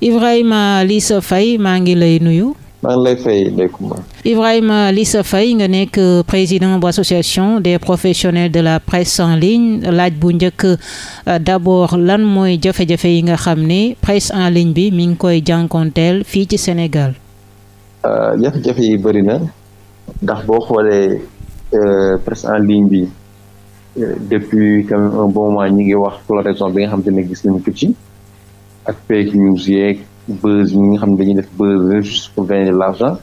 Ibrahima Lissa Faye maa ngi lay nuyu. maa ngi lay fay Ndeye Comba. Ibrahima Lissa Faye nga nekk président bu association des professionnels de la presse en ligne laaj bu njëkk euh, d'abord lan mooy jafe-jafe yi nga xam ne presse en ligne bi mi ngi koy jànkonteel fii ci Sénégal. Euh, jafe-jafe yi bëri ndax boo xoolee euh, presse en ligne bi depuis un bon moment ñi ngi wax floraison bi nga xam te ne gis nañ ko ci. ak fake news yeeg buzz yi nga xam ne dañuy def buzz juste pour gagner de l'argent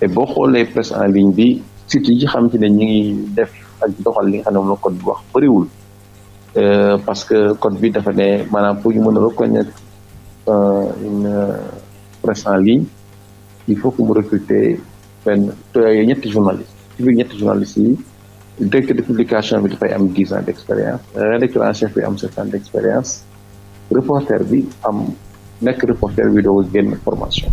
et boo xoolee presse en ligne bi sites yi xam ci ne ñu ngi def ak doxal li nga xam ne moom la bi wax bëriwul euh, parce que code bi dafa ne maanaam pour ñu mën a reconnaître euh, une euh, presse en ligne il faut que mu recruter fen ñetti journaliste ci biir ñetti journaliste yi directeur de publication bi dafay am dix ans d' expérience rédacteur en am sept ans d' expérience reporter bi am nekk reporter bi doo génn formation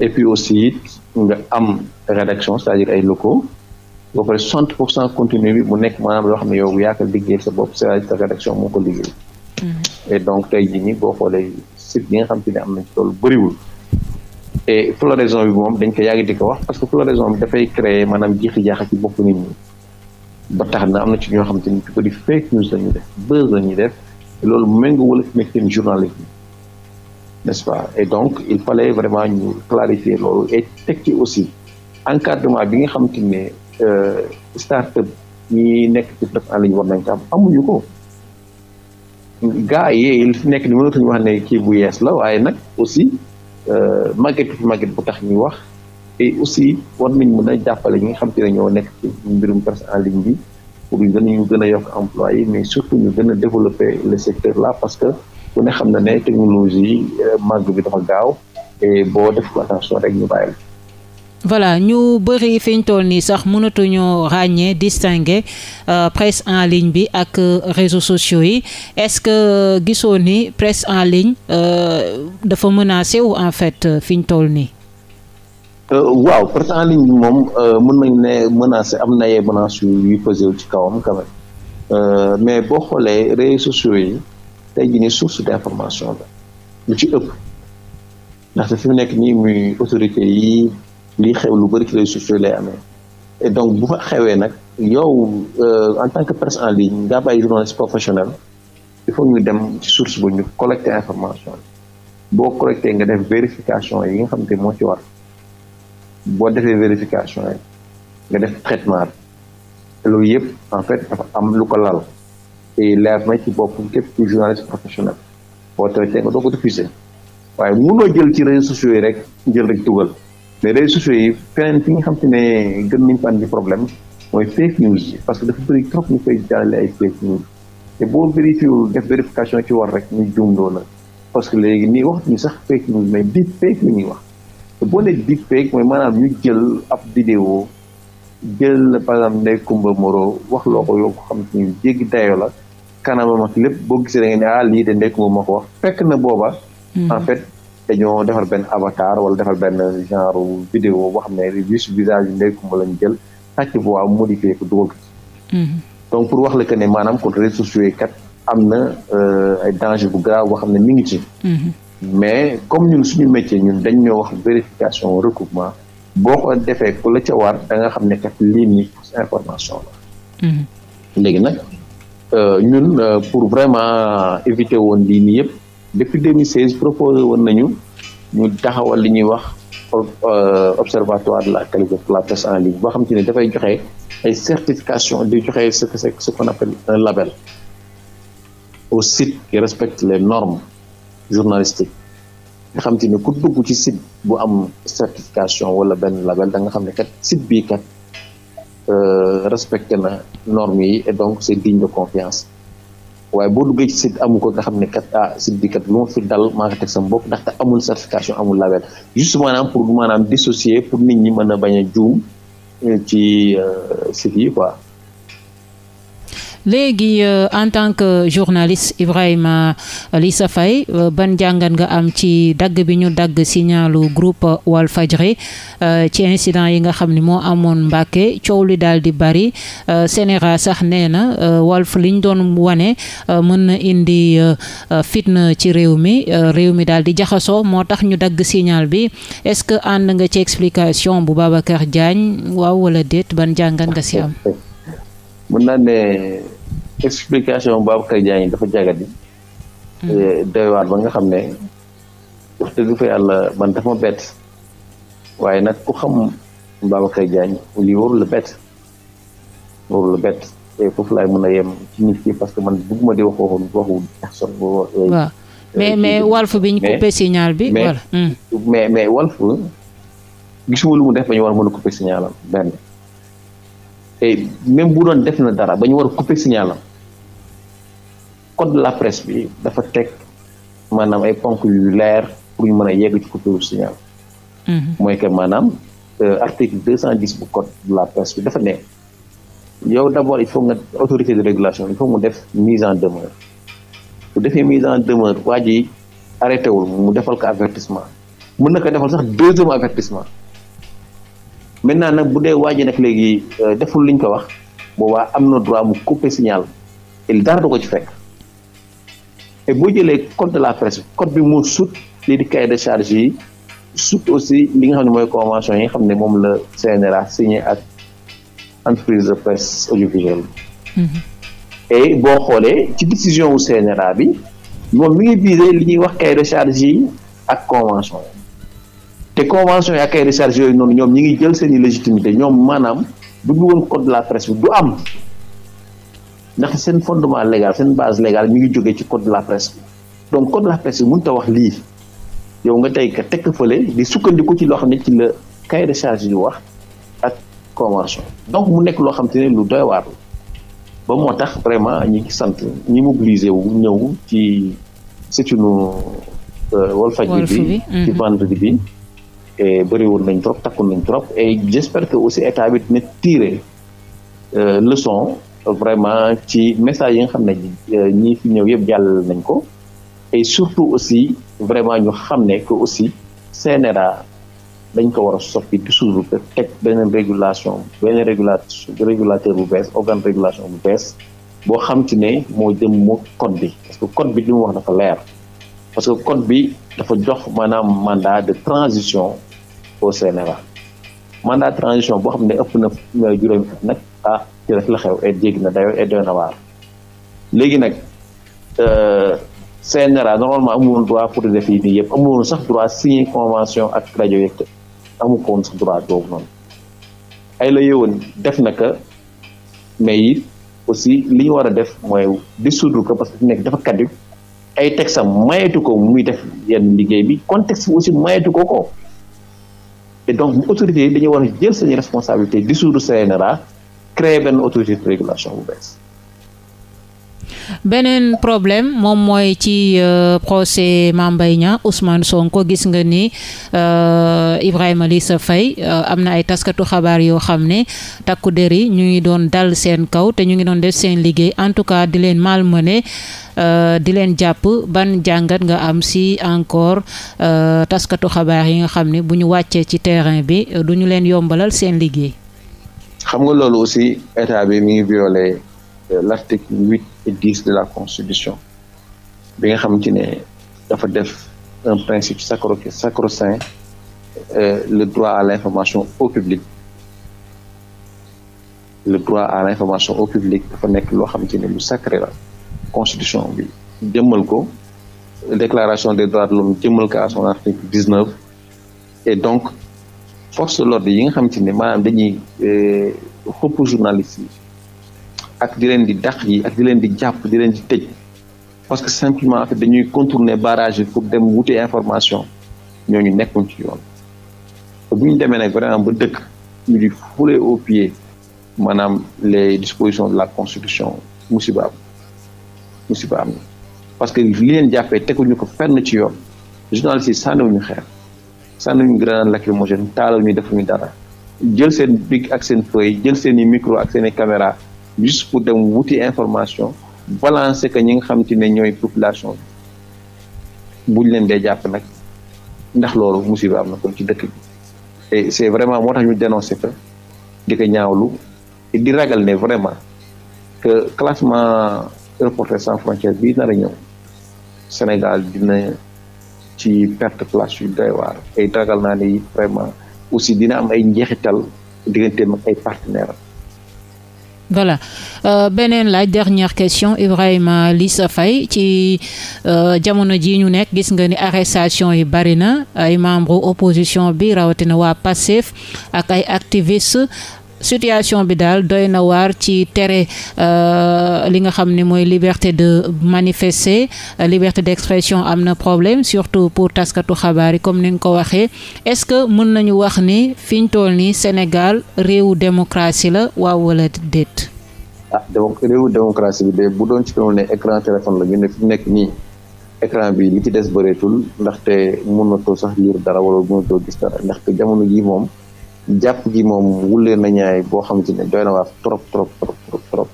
et puis aussi it nga am rédaction c'est-à-dire ay locaux ba pare 60 pour cent contenu bi mu nekk maanaam loo xam ne yow yaa ko liggéey sa bopp c'est-à-dire sa rédaction moo ko liggéey. Mm-hmm. et donc tey jii nii boo xoolee site yi nga xam te ne am nañ loolu bëriwul. et floraison bi moom dañ ko yàgg di ko wax parce que floraison bi dafay créer maanaam jiixi jaaxa ci bopp nit ba tax na am na ci ñoo xam te ne ci news la loolu méngoowul ak métier journalisme n'est-ce pas et donc il fallait vraiment ñu clarifier loolu et ci aussi encadrement bi nga xam te ne euh, start-up yi nekk ci presse en ligne war nañ ko amuñu ko gars yi li fi nekk ni mënatuñu wax ne kii bu yees la waaye nag aussi euh, màgget fi màgget bu tax ñuy wax et aussi war nañ mën a jàppale ñi nga xam te ne ñoo nekk ci mbirum presse en ligne bi pour gën ñu gën a yokk emploi yi mais surtout ñu gën a développer le secteur la parce que ku ne xam na ne technologie euh, màgg bi dafa gaaw et boo def ko attention rek ñu bàyyi la voilà ñu bëri fi ñu nii sax mënatuñoo ràññee distinguer euh, presse en ligne bi ak euh, réseaux sociaux yi est-ce que gisoo ni presse en ligne euh, dafa menacé wu en fait euh, fi ñu toll nii. waaw parce que en ligne bi moom euh, mën nañ ne menance am na ay menance yu posé wu ci kawam quand même euh, mais boo xoolee réseaux sociaux yi tey jii nii source d' la lu ci ëpp ndaxte fi mu nekk nii muy autorité yi lii xew lu bëri ci réseaux sociaux lay amee et donc bu fa xewee nag yow euh, en tant que presse en ligne ngaa bàyyi journaliste professionnel il faut ñu dem ci source bu ñu collecter information boo collecté nga def vérification yi nga xam te moo ci war boo defee vérification yi nga def traitement bi loolu yëpp en fait dafa am lu ko lal te leer na ci bopp képp ku journaliste professionnel boo traité doo ko diffusé waaye mënoo jël ci réseaux sociaux yi rek jël rek dugal mais réseaux sociaux yi feneen fi nga xam te ne gën nañu fan di problème mooy fake news yi parce que dafa bëri trop ñu koy jàllale ay fake news te boo vérifié def vérification ci war rek ñu juumloo la parce que léegi nii waxtuñu sax fake news mais deep fake la ñuy wax boo ne deep mooy maanaam ñu jël ab vidéo jël na exemple Ndeye Kumba Moro wax loo ko xam te ni jéggi dayo la kanamam ak lépp boo gisee da ngeen ne ah lii de Ndeye Kumba ko wax fekk na booba hmm. en fait dañoo defar benn avatar wala defar benn genre vidéo boo xam ne juste visage yu Ndeye Kumba jël sàcc voix modifié ko dugal ko hmm. donc pour wax la que ne maanaam kon réseaux kat am na euh, ay danger bu grave boo xam ne mi ngi ci hmm. mais comme ñun suñu métier ñun dañ ñoo wax vérification recoupement boo ko defee ku la ca war da nga xam ne kat lii nii information la. Mm-hmm. léegi nag euh, ñun euh, pour vraiment éviter woon lii nii yëpp depuis 2016 proposé woon nañu ñu taxawal li ñuy wax euh, observatoire de la qualité de la presse en ligne boo xam te ne dafay joxe ay certification di joxe ce que ce qu'on appelle un label au site respecte les normes. journalistique nga xam te ne ku dugg ci site bu am certification wala benn label da nga xam ne kat site bii kat euh, respecté na normes yi et donc c'est digne de confiance waaye boo duggee ci site amu ko nga xam ne kat ah site bi kat lu ma fi dal maa ngi teg sama bopp ndaxte amul certification amul label juste maanaam pour maanaam dissocier pour nit ñi mën a bañ a juum euh, ci euh, site yi quoi léegi euh, en tant que journaliste Ibrahima euh, Lissa Faye euh, ban jàngat nga am ci dagg bi ñu dagg signalu groupe Walfadjri ci incident yi nga xam ni moo amoon Mbàkke coow li daal di bari sénéral sax nee na Walf liñ doon wane mën na indi fitna ci réew mi réew mi daal di jaxasoo moo tax ñu dagg signal bi est-ce que ànd nga ci explication bu Babacar jaañ waaw wala déet ban jàngat nga si am mën naa ne explication Babacar Diagne dafa jagadi hmm. eh, doy waar ba nga xam ne wax dëgg fa yàlla man dafa ma bett waaye nag ko xam Babacar Diagne lii warul la bett warul te foofu laay mën a yem ci nit ki parce que man bëgguma di wax waxu mais mais Walf bi ñu coupé signal bi voilà gisuma lu mu def ba ñu war a mën a coupé signalam benn te bu doon def na dara ba ñu war a coupé signalam code de la presse bi dafa teg maanaam ay ponk yu leer pour ñu mën a yegg ci coupure du signal. mooy que maanaam euh, article deux cent dix bu code de la presse bi dafa ne yow d' abord il faut nga autorité de régulation il faut mu def mise en demeure bu defee mise en demeure waa ji arrêté mu defal ko avertissement mën na ko defal sax deuxième avertissement maintenant nag bu dee waa ji nag léegi euh, deful li ko wax boobaa am na droit mu couper signal il dara du ko fekk. et boo jëlee code de la presse code bi moo sut lii di cahier de charge yi sut aussi li nga xam ne mooy convention yi nga xam ne moom la CNRA signé ak entreprise de presse audiovisuelle mm-hmm. et boo xoolee ci décision wu CNRA bi moom mi ngi visé li ñuy wax cahier de charge yi ak convention yi te convention yi ak cahier de charge yooyu noonu ñoom ñi ngi jël seen i légitimité ñoom maanaam bu dul woon code de la presse bi du am ndax seen fondement légal seen base légale mu ngi jógee ci code de la presse donc code de la presse bi mënut a wax lii yow nga tey ka tekk fële di sukkandiku ci loo xam ne ci la cahier charge yi wax ak convention donc mu nekk loo xam te ne lu doy waar la ba moo tax vraiment ñi ngi sant ñi mobilisé wu ñëw ci sëccunu euh, Walfadjri bi ci mhm. vendredi bi et bëri woon nañ trop takkoon nañ trop et j'espère que aussi état bi dina tirer euh, leçon vraiment ci message yi nga xam ne euh, ñii fi ñëw yëpp jàllale nañ ko et surtout aussi vraiment ñu xam ne ko aussi CNRA dañ ko war a soppi toujours te teg beneen régulation beneen régulateur bu bees organe régulation bu bees boo xam ci ne moo jëm moo code bi parce que code bi di mu wax dafa leer parce que code bi dafa jox maanaam mandat de transition au CNRA mandat de transition boo xam ne ëpp na juróomi at nag ah ci rek la xew et na dayoo et doy na waar léegi nag euh, CNRA normalement amul woon droit pour def yi nii yëpp amul woon sax droit signer convention ak rajo yeeg amu ko woon sax droit boobu noonu ay la yowoon def na ko mais yi aussi li ñu war a def mooy dissoudre ko parce que nekk dafa kaddu ay texte am mayetu ko muy def yenn liggéey bi contexte bi aussi mayetu ko ko et donc autorité yi dañu war a jël seen responsabilité dissoudre CNRA beneen problème moom mooy ci euh, procès Mame Mbaye Niang Ousmane gis nga ni euh, Ibrahima Lissa Faye euh, am na ay taskatu xabaar yoo xam ne takku der yi ñu ngi doon dal seen kaw te ñu ngi doon def seen liggéey en tout cas di leen malmené euh, di leen jàpp ban jàngat nga am si encore euh, taskatu xabaar yi nga xam ne bu ñu wàccee ci terrain bi du ñu leen yombalal seen liggéey. xam nga loolu aussi état bi mi ngi violé euh, l'article huit et dix de la constitution bi nga xamante ne dafa def un principe sacro sacro-saint euh, le droit à l'information au public le droit à l'information au public dafa nekk loo xamante ne lu sacré la constitution bi jëmmal ko déclaration des droits de l'homme jëmmal ko à son article dix-neuf et donc force de yi nga xam ci ne maanaam dañuy euh, xëpp journaliste yi ak di leen di dàq yi ak di leen di jàpp di leen di tëj parce que simplement dañuy contourner barrage yi pour dem wute information ñoo ñu nekkuñ ci yoon bu ñu demee nag vraiment ba dëkk ñu di fouler au pied maanaam les dispositions de la constitution musiba am musiba am parce que li leen jàppee teguñu ko fenn ci yoon journaliste yi sànniwuñu xeer sànni ñu grenade lacrymogène taalal ñu defuñu dara jël seen bic ak seen feuille jël seeni micro ak seen i caméra pour dem wuti information balancer que ñi nga xam te ne ñooy population bi buñ leen dee jàpp nag ndax loolu musiba am na kon ci dëkk bi et c'est vraiment moo tax ñu dénoncer que di ko ñaawlu di ragal ne vraiment que classement Reporters sans frontières bii nar a ñëw Sénégal dina ci perte place yu doy waar ay ragal naa ne vraiment aussi dina am ay njeexital digganteem ak ay partenaires voilà euh, beneen laaj dernière question Ibrahima Lissa Faye ci euh, jamono ji ñu nekk gis nga ni arrestation yi bari na ay membre opposition bi rawatina waa Pastef ak ay activistes situation bi daal doy na waar ci tere euh, li nga xam ne mooy liberté de manifester euh, liberté d'expression am na problème surtout pour taskatu xabaar yi comme ni nga ko waxee est-ce que mën nañu wax ni fiñ tool nii Sénégal réewu démocratie la waaw wala déet. ah donc réewu démocratie bi de bu doon ci doon ne écran téléphone la ñu ne fi nekk nii écran bi li ci des bëreetul ndaxte mënatoo sax lire dara wala mënatoo gis dara ndaxte jamono jii moom. jàpp gi moom wulee na ñaay boo xamante ne doy na waar trop trop trop trop trop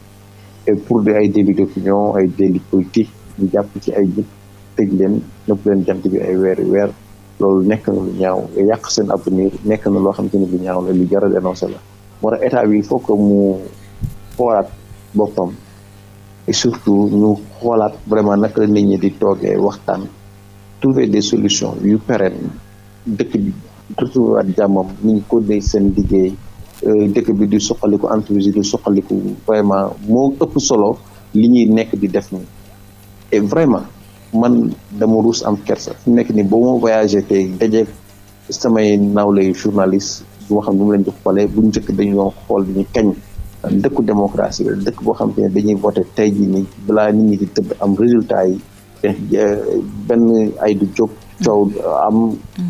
pour de ay délits d'opinion ay délits politique ñu jàpp ci ay nit tëj leen nëpp leen jant bi ay weer weer loolu nekk na lu ñaaw yàq seen avenir nekk na loo xam xamante ne lu ñaaw la lu jar a dénoncé la moo tax état bi il mu xoolaat boppam et surtout ñu xoolaat vraiment naka la nit ñi di toogee waxtaan trouver des solutions yu pérennes dëkk bi toujours ak jàmmam ni ñu ko dee seen liggéey euh, dëkk bi di suqaliku entreprise yi di suqaliku vraiment moo ëpp solo li ñuy nekk di def nii et vraiment man dama ruus am kersa fu nekk ni boo ma voyagé tey daje samay nawlay journaliste bu ma xam ne mu leen jox pale bu njëkk dañu doon xool ñu kañ dëkku démocratie dëkk boo xam ne dañuy voté tey jii nii balaa nit ñi di tëdd am résultat yi euh, benn ay du jóg coow am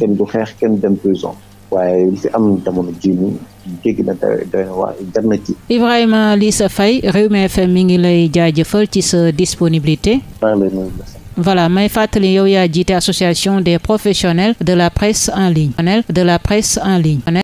kenn du xeex kenn dem prison waaye am na doy doy na waaye jar na ci. Ibrahima Lissa mi ngi lay jaajëfal ci sa disponibilité. voilà may fàttali yow yaa jiite association des professionnels de la presse en ligne de la presse en ligne.